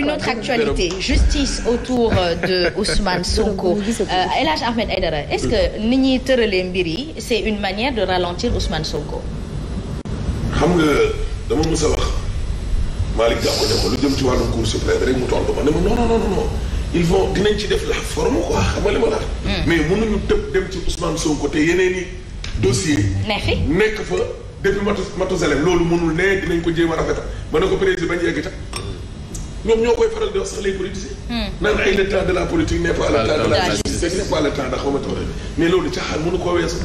Une autre actualité, justice autour euh, de Ousmane Sonko. Euh, El Ahmed Aidara, est-ce que ni ñuy tëralee mbir yi c'est une manière de ralentir Ousmane Sonko. xam nga dama mës a wax Malick Gakou ne ko lu jëm ci wàllum cour suprême rek mu tontu ma ne ma def la forme quoi xam nga li hmm. dem ci Ousmane Sonko te yeneen i dossiers. nekk fa depuis Matousalem loolu mënul ne dinañ ko jéem a rafetal ba ne ko président bañ yegg ca. ñoom ñoo koy faral di wax sax les politiciens. Hmm. naan ay le temps de la politique n'est pas le temps de la justice n'est pas le temps de xaw ma weesu.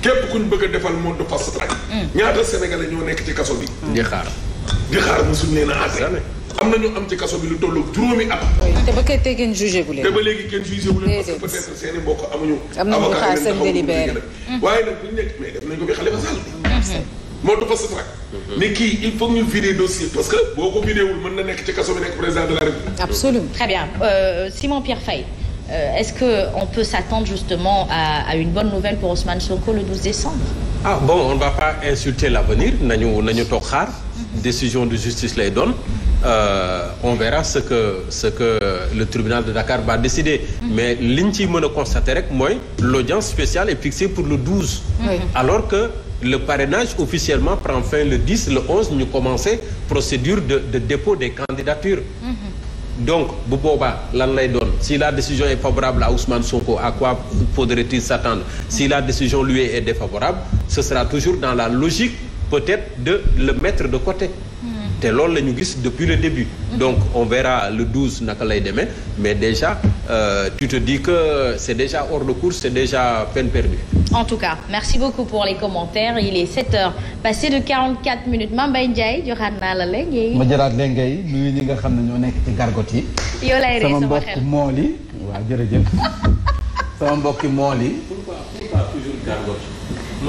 képp ku ñu bëgg defal mode de fast track. Hmm. ñaata sénégalais ñoo nekk ci kaso bi. di xaar di xaar mosuñ leen a àtte. am na ñu am ci kaso bi lu toll juróomi at. Ah, te ba kay tey kenn jugé bu leen. te ba léegi kenn jugé bu leen parce que peut être amuñu. am na ñu xaar seen délibéré avocat hmm. waaye nag bu ñu nekk mais def nañ ko bi Khalifa Sall. moo du fas trac ne kii il faut ñu vider dossier parce que boo ko vidé mon mën na nekk ci kaso bi nekk président de la République mhm. très bien euh, Simon Pierre Faye euh, est-ce que on peut s'attendre justement à, à une bonne nouvelle pour Ousmane Sonko le 12 décembre ah bon on ne va pas insulter l'avenir nañu nañu toog xaar mhm. décision de justice lay doon euh, on verra ce que le tribunal de Dakar va décider. Mm -hmm. mais liñ ciy mën a constater rek mooy l'audience spéciale est fixée pour le 12. Mm alors que le parrainage officiellement prend fin le 10 le 11 ñu commencé procédure de de dépôt des candidatures. Mm donc bu boobaa lan lay doon si la décision est favorable à Ousmane Sonko à quoi faudrait-il s'attendre si la décision lui est défavorable ce sera toujours dans la logique peut-être de le mettre de côté. te loolu la ñu gis depuis le début. Mhm. donc on verra le 12 naka lay demee mais déjà euh, tu di dis que c'est déjà hors de course c'est déjà peine perdue. en tout cas merci beaucoup pour les commentaires il est 7 heures passé de 44 minutes Mame Mbaye Ndiaye joxaat naa la léegi. ma jëlaat léegi ngay nuyu ñi nga xam ne ñoo nekk ci gargot yi. yow lay rey sama mbokk mool yi waaw jërëjëf sama mbokk mool yi. pourquoi pourquoi toujours gargot.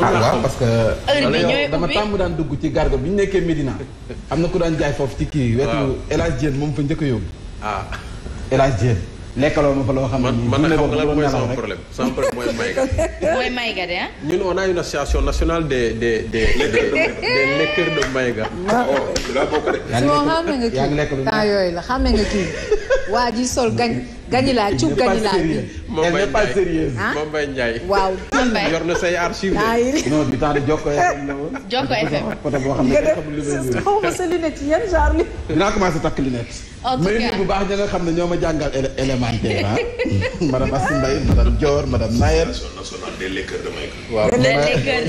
ah waaw parce que. dama tàmm daan dugg ci gargot bi ñu nekkee am na ko daal jaay foofu ci kii. waaw wetu El moom fa njëkk a yóbbu. ah El Hadj lekkaloo ma fa loo xam ne nii. man man nag xam nga lan mooy sama problème sama problème mooy Mayga. mooy Mayga de ah. ñun on a une association nationale des des des. de Mayga. Ah. oh laa bokk de. yaa ngi lekk yaa ngi lekk lu temps yooyu la xàmme nga kii waa ji sol gañ. Gagnila cub Gagnila bi. moom Mbaye Ndiaye elle moom Mbaye Ndiaye. yor na say archives. non du temps de Jokko FM la woon. Jokko FM côté boo xam ne kenn xamul lu may xaw ma sa takk lunette. en tout baax ña xam ne ñoo ma jàngal élémentaire ah. madame Assi Mbaye madame Dior madame Nayer. national des lekkers de Mayga. waaw lekkers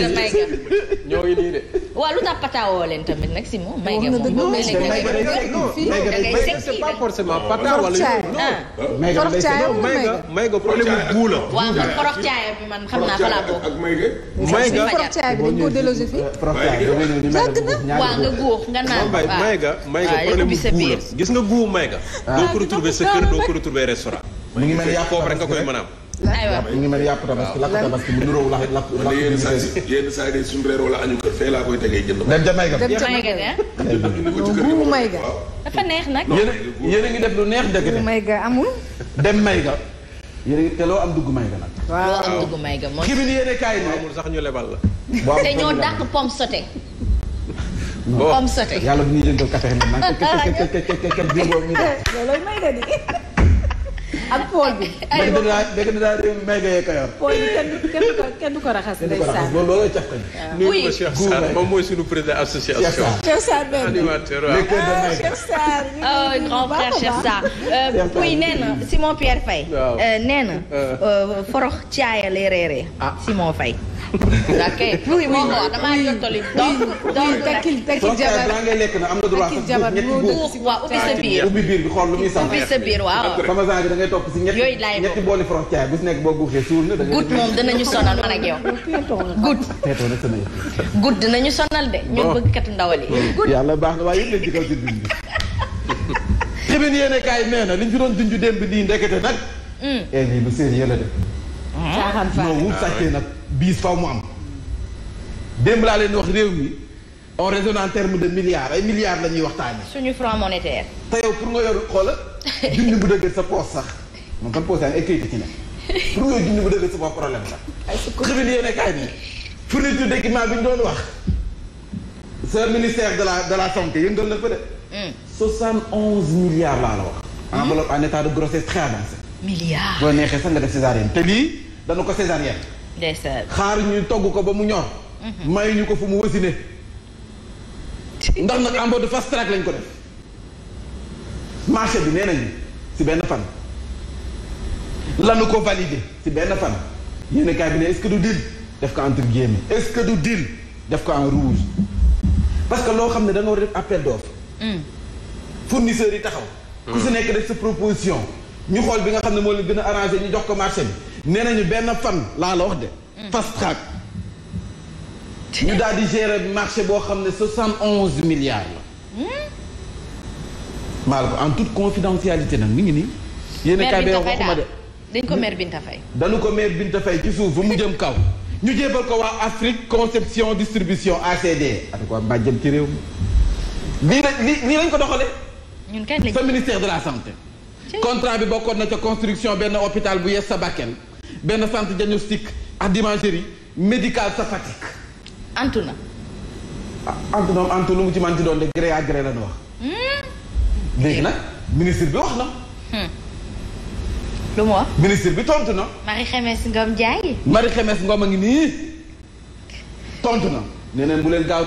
nii de. waaw lu tax pataawoo leen tamit nag si moom. Mayga moom boo may lekk. Mayga day fekk fii Mayga day fekk c'est pas forcément pata wala mayga mayga problème bu la. waaw man korox caaya bi man xam naa fa laa bokk. mayga korox caaya bi dañ koo délogé fii. waaw nga góob nga naan waaw mayga gis nga góob mayga. Ah, doo ko retrouver sa kër doo ko retrouver restaurant. mu ngi mel foofu rek nga koy mën aywa mu ngi mel ni yàpp tabaski lakk tabaski mu niróo lakk lakk lakk yenn saa yi yenn saa yi suñu reer wala añu fee laa koy tegee jënd dem may ga dem ca may ga buubu dafa neex nag yéen a ngi def lu neex dëgg may ga amul dem may ga yéen a ngi te loo am dugg may ga nag loo am dugg may ga moom xibil yéen a kaay ne amul sax ñu lebal la te ñoo dàq pomme sautée pomme sautée yàlla bu ñuy jëndal café man kekk kekk kekk kekk kekk ak pool bi. kenn du ko kenn du ko raxas. kenn du ko raxas loolu looloo càq nañu. nuyu ma Cheikh Sarr moom mooy suñu président association. Cheikh Sarr benn animateur na Simon Pierre Faye. waaw euh, nee na. Euh. Euh, forox caaya ah. Simon Faye. ok moo ko damaa jottali. donc donc tekkil tekkil jabar soo ngay lekk na am nga droit sax ñetti waaw ubbi sa biir biir bi xool lu muy sax. ubbi da ngay topp si ñetti yooyu laay ñetti booli frontière bu si nekk boo guuxee suur na. goutte moom dinañu sonal man ak yow. goutte. teetoo nag sama yëpp. goutte sonal de. ñun bëgg kat ndawal yi. yàlla baax na waaye yëpp leen ci kaw si dund. tribune yéene kaay nee na liñ fi doon dund démb lii ndekete nag. et lii lu sérieux la de. caaxaan faa noo wut sàccee nag biis faw mu am démb laa leen wax réew mi on raisonne en terme de milliards ay milliards la ñuy waxtaanee. suñu franc monétaire. te pour nga yor xoola junni bu dëgg sa poos sax moom kan poos yaa ngi ay këyit ci nga junni bu dëgg sa bopp problème la. ay sukkandiku a kaay bi fourniture ñu doon wax. sa ministère de la de la santé yëngal na fa de. 71 hmm. milliards laa la wax. Hmm. enveloppe en état de grossesse très avancée. milliards boo neexee sax nga def césarienne te lii dana ko césarienne. ndeysaan xaar ñu togg ko ba mu ñor. Mhm. may ñu ko fu mu wasine ndax nag en mode fast track lañ ko def marché bi nee nañu si benn fan. lanu ko validé si benn fan. yéen kaay bi ne est-ce que du deal def ko entre guillemets est-ce que du deal def ko en rouge parce que loo xam ne da war def appel d'offre. Mm. fournisseurs yi taxaw. ku si mm. nekk def sa proposition. ñu xool bi nga xam ne moo leen gën a arrangé ñu jox ko marché bi. nee ñu benn fan laa la wax de. Mm. fast track. ñu daal di gérer marché boo xam ne soixante onze milliards la. Hmm? maa en tout confidentialité nag mi ngi nii. yéen a kaay bee waxuma de. dañ ko maire Binta Faye. dañu ko mair Binta Faye ci suuf ba mu jëm kaw. ñu jébal ko waa Afrique conception distribution ACD. ak waa mbàjjam ci réew mi. lii la lii lii lañ ko doxalee. ñun kañ lañ sa ministère de la santé. contrat bi bokkoon na ca construction benn hôpital bu yes sa Bakel. benn centre diagnostic ak d'imagerie médicale sa Fatick. antu na. ah antu noom antu lu mu ci manti doon de gré à gré wax. Hmm? léegi nag ministre bi wax na. Hmm. lu mu wax. ministre bi tontu na. Marie Khemesse Ngom Ndiaye. Marie Khemesse Ngom a ngi nii tontu na nee neen bu leen gaaw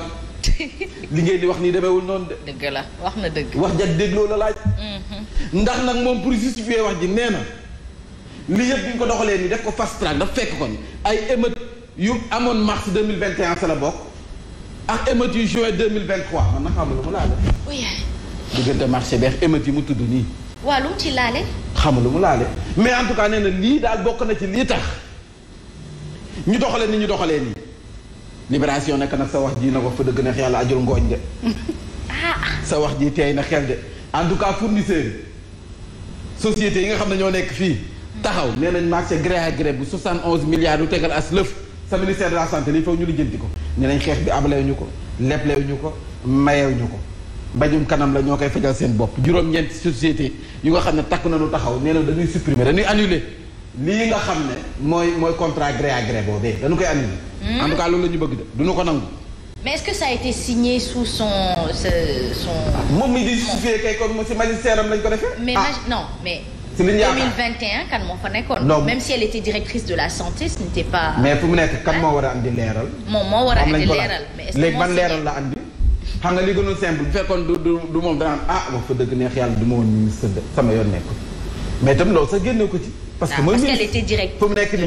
li ngeen di wax nii demeewul noonu de. dëgg la wax na dëgg. wax ja dégloo la laaj. Hmm, ndax nag moom pour justifier wax ji nee na. lii yëpp bi ñu ko doxalee nii def ko fast track daf fekk ko ni ay émeute yu amoon mars 2021 sa la bokk ak émeute yu juin 2023 man na xam lu mu laale diggante marché beex émeute yi mu tudd nii waaw lu mu ci laale xam lu mu laale mais en tout cas nee lii daal bokk na ci lii tax ñu doxalee ni ñu doxalee nii libération nekk nag sa wax ji na ko fa dëgg neex a ajul ngooñ de ah. sa wax ji teey na xel de en tout cas fournisseurs yi sociétés yi nga xam ne ñoo nekk fii taxaw nee nañ marché gré à gré bu 71 milliards yu tegal as lëf sa ministère de la santé lii faw ñu lijjanti ko nee nañ xeex bi abalewuñu ko leblewuñu ko mayewuñu ko mbajum kanam la ñoo koy fajal seen bopp juróom-ñeenti société yu nga xam ne takk nañu taxaw nee na dañuy supprimer dañuy annuler lii nga xam ne mooy mooy contrat gré à gré boobee danu koy annuler hmm? en loolu la ñu bëgg du duñu ko nangu mais est-ce que ça a ah, moom mi di justifié kay kon si am lañ ko defee. mais ah. non ci li ñu yaakaar a andi leeral. moom moo war a andi leeral mais est-ce la andi. xam nga li gënoon simple bu fekkoon du du du moom daan ah wax fa dëgg neex yàlla yoon nekk mais itam loolu ko ci. parce que ah, mooy ministre fu mu nekk nii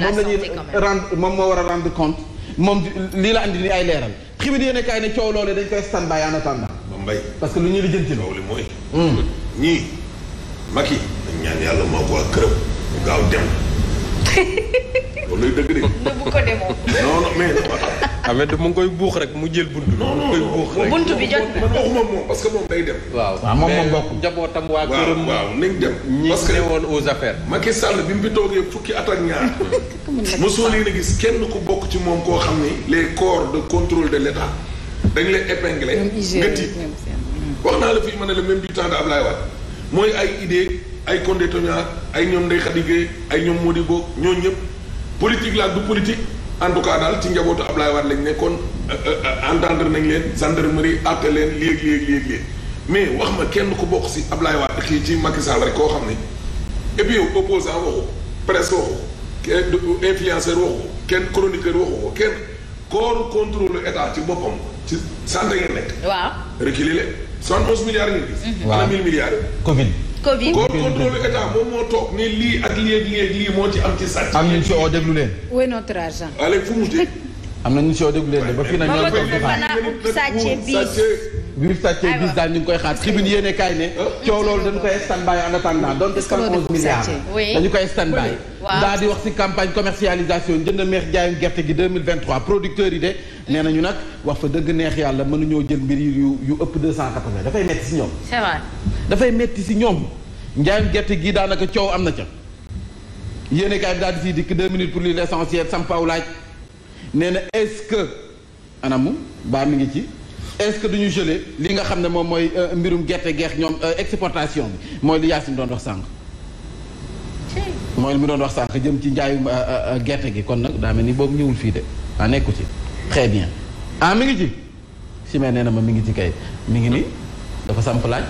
moom moo war a rendre compte moom lii la andi ni ay leeral. xibaar yi ne kaay ne coow loolee dañ koy stand by en attendant. parce que lu ñu lijjanti loolu mooy. Hmm. ñii ñaan yàlla moo waa këram mu gaaw dem. loolu dëgg de. bu ko demoo. non non mais. Ameth mu ngi koy buux rek mu jël buntu. non non koy buux rek buntu bi jot na. waxuma moom waaw waaw moom moom bokkul njabootam waa këram. waaw waaw nañ dem. parce que aux affaires. Macky Sall bi mu fi toogee fukki at ak ñaar. mosoo leen a gis kenn ku bokk ci moom koo xam ni. les corps de contrôle de l' état dañ leen épinglé. ngëti wax naa la fii ma ne la même du temps de Ablaye Wade mooy ay idée ay Condé Tognar ay ñoom Ndeye Khady Gueye ay ñoom Modibo ñoo ñëpp politique la du politique en tout cas daal ci njabootu Ablaye Wade lañ nekkoon euh, euh, euh, entendre nañ leen gendarmerie àtte leen léegi léegi léegi mais wax ma kenn ku bokk si Ablaye Wade kii ci Macky Sall rek koo xam ne et puis yow opposant waxu presse waxu influenceur waxu kenn chroniqueur waxu kenn corps contrôle état ci boppam ci santé ngeen nekk. waaw reculer leen Covid corps contrôle état moom moo toog ne lii ak lii ak lii ak lii moo ci am ci sàcc. am nañu si oo déglu leen. oui notre argent. fu mu am nañu si oo déglu de ba fii nag. ñoo ngi toog di xaar bi ñu sàccee ñu ngi koy xaar tribune yéene kaay ne eh, coow loolu dañu koy stand by en attendant donc cent onze milliards dañu koy stand by daal di wax ci campagne commercialisation jënd meex jaayum gerte gi 2023 producteurs yi de nee nañu nag wax fa dëgg neex yàlla mënuñoo jël mbir yu yu ëpp 280 dafay metti ci ñoom dafay metti ci ñoom njaayum gerte gi daanaka coow am na ca yéene kaay bi daal di siy dikk deux minutes pour l'essentiel sampaw laaj nee na est-ce que anamu baa mi ngi ci est-ce que duñu gelé li nga xam ne moom mooy euh, mbirum gerte geex ñoom euh, exportation bi mooy li Yacine doon wax sànq. mooy li mu doon wax sànq jëm ci njaayum euh, gerte gi kon nag daa mel ni boobu ñëwul fii de ah nekku ci. très bien ah mi ngi ci si mais nee na ma mi ngi ci kay mi ngi nii dafa samp laaj.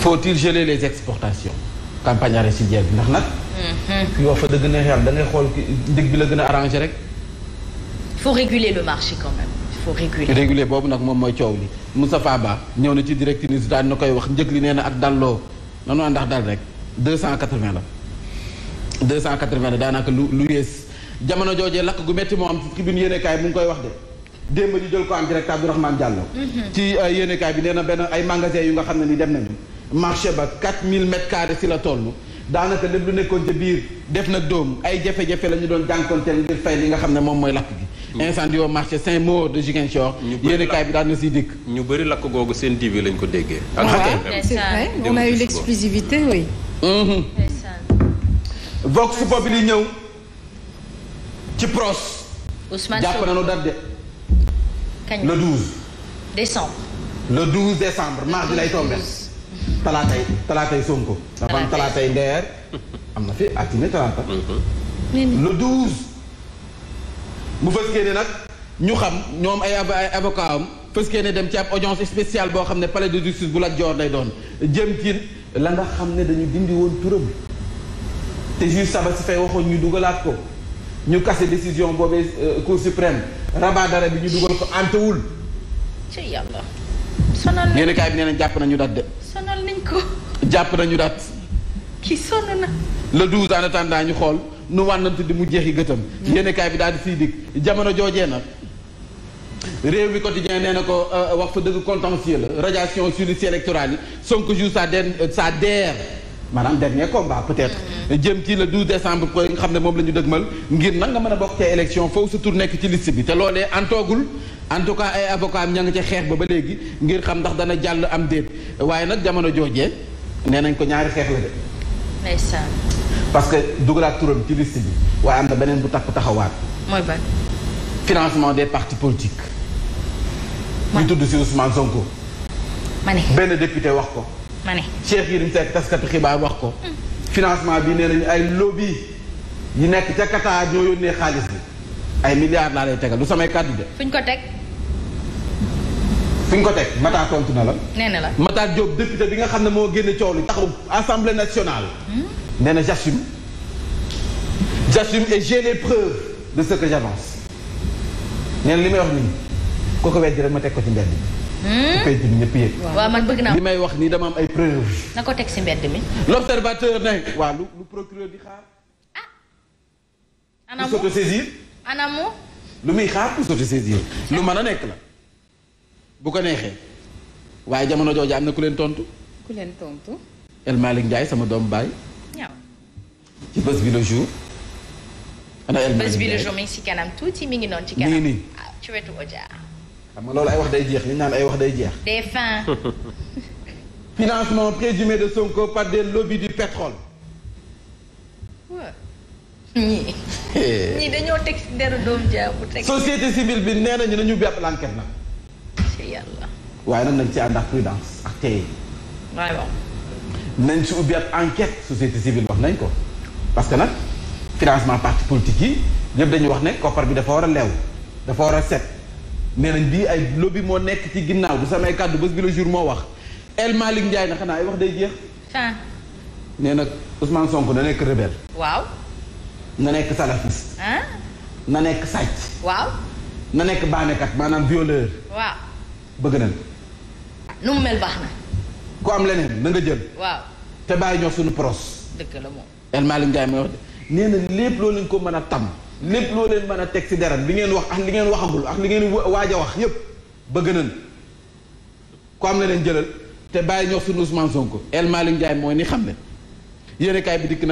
faut-il geler les exportations campagne arachidière bi ndax nag. Mhm. fi wax fa dëgg na yàlla da ngay xool digg bi la gën a arrangé rek. foo faut réguler le marché quand même. faut réguler réguler boobu nag moom mooy coow li Moustapha Ba ñëw na ci direct news daan na koy wax njëg nee na ak dalloo nanu àndax dal rek 280 la 280 la daanaka lu lu yées jamono joojee lakk gu métti moo am ci biir yéenekaay mu ngi koy wax de démb ñu jël ko am ci rek Abdourahmane Diallo mhm. ci euh, yéenekaay bi nee na benn ay magasin yu nga xam ne ni dem nañu marché ba 4000 mètres carrés si la toll daanaka lépp lu nekkoon ca biir def na doom ay jafe-jafe la ñu doon jànkoonteel te fay li nga xam ne moom mooy lakk gi Mm. incendie au marché Saint-Maur de Ziguinchor. yéen kaay bi daan na dikk. ñu bëri lakk googu seen TV lañ ko déggee. ok c'est vrai on a eu l'exclusivité oui. Mm-hmm. Vox Populi ñëw ci pros. Ousmane jàpp nañu date de. le décembre. le décembre mardi lay tombé. talaatay talaatay Sonko. dafa am talaatay ndeer mm-hmm. le 12. mu fës kee ne nag ñu xam ñoom ay ay avocat am fës kee ne dem ci ab audience spéciale boo xam ne palais de justice bu Lat Joor doon jëm ci la nga xam ne dañu dindi woon turam te juge Sabassy Faye waxoon ñu dugalaat ko ñu kase décision boobee euh, cour suprême rabat d'arrêt bi ñu dugal ko antewul. ci yàlla. sonal nañ yéen kaay bi nee jàpp nañu dat de. sonal nañ ko. jàpp nañu dat. ki sonn na. le 12 en attendant ñu xool. nu wànnante di mu jeexi gëtam mm. yéenekaay bi daal di siy dikk jamono joojee na réew mi quotidien nee na ko euh, wax fa dëgg contentieux la radiation sur liste électorale yi Sonko joue sa den euh, sa der maanaam dernier combat peut-être mm. jëm ci le 12 décembre ko nga xam ne moom la ñu dëgmal ngir nag nga mën a bokk ci foofu sa nekk ci liste bi te loolee antoogul en tout cas ay avocat am ca xeex ba ba léegi ngir xam ndax dana jàll am déet waaye nag jamono joojee nee nañ ko ñaari xeex la de parce que dugalaat turam ci liste bi waaye am na beneen bu takku taxawaat. mooy ban. financement des partis politiques. ñu tudd si Ousmane Sonko. ma ne benn député wax ko. ma ne Cheikh Yérim Seck taskatu xibaar wax ko. Mm. financement bi nee nañu ay lobby yi nekk ca Qatar ñoo yónnee xaalis bi ay milliards laa lay tegal lu samay kàddu de. fuñ ko teg. fuñ ko teg Matar tontu na la. nee la Matar Diop député bi nga xam ne moo génn coow li taxaw assemblée nationale. Mm. nee na j'assume j'assume et j'ai les preuves de ce que j'avance nee li may wax nii koo ko weddi rek ma teg ko ci mbedd mi. su hmm? man naa li may wax nii dama am ay preuves. na teg ci mbedd mi. l'observateur ne. waaw lu lu procureur di xaar. Ah! lu muy xaar pour s'autosaisir lu mën a nekk la bu ko neexee waaye jamono jooju am na ku leen tontu. ku leen tontu. El Malick Ndiaye sama doom baay. bés bi le jour. bés bi le jour mi ngi si kanam tuuti mi ngi noonu ci kanam. nii ah, ci wetu Oja. xam nga loolu ay wax day jeex li ñu naan ay wax day jeex. des fins. financement présumé de Sonko par des lobbies du pétrole. ñii. ñii dañoo teg si deru doomu jaabu teg. société civile bi nee nañu nañu bépp l'enquête nag. ci yàlla. waaye nag nañ ci ànd ak prudence ak tey. waaw. nañ ci ubbi ab enquête société civile wax nañ ko. parce que nag financement parti politique yi ñëpp dañuy wax ne koppar bi dafa war a leew dafa war a set nee nañ bii ay lobby moo nekk ci ginnaaw du samay kàddu bés bi le jour moo wax El Malick Ndiaye na xanaa ay wax day jeex. ah. nee na Ousmane Sonko na nekk rebelle. waaw. na nekk salafiste. ah. na nekk sàcc. waaw. na nekk baanekat maanaam violeur. waaw. bëgg nañ. nu mu mel baax na. ku am leneen na jël. waaw. te bàyyi ñoo suñu pros. dëgg la moom. El Malick Ndiaye mooy wax de nee na lépp loo leen ko mën a tam lépp loo leen mën a teg si dara li ngeen wax ak li ngeen waxagul ak li ngeen waaj a wax yépp bëgg nañ ko am na leen jëlal te bàyyi ñox suñu Ousmane Sonko El Malick Ndiaye mooy ni xam ne yéen kaay bi dikk na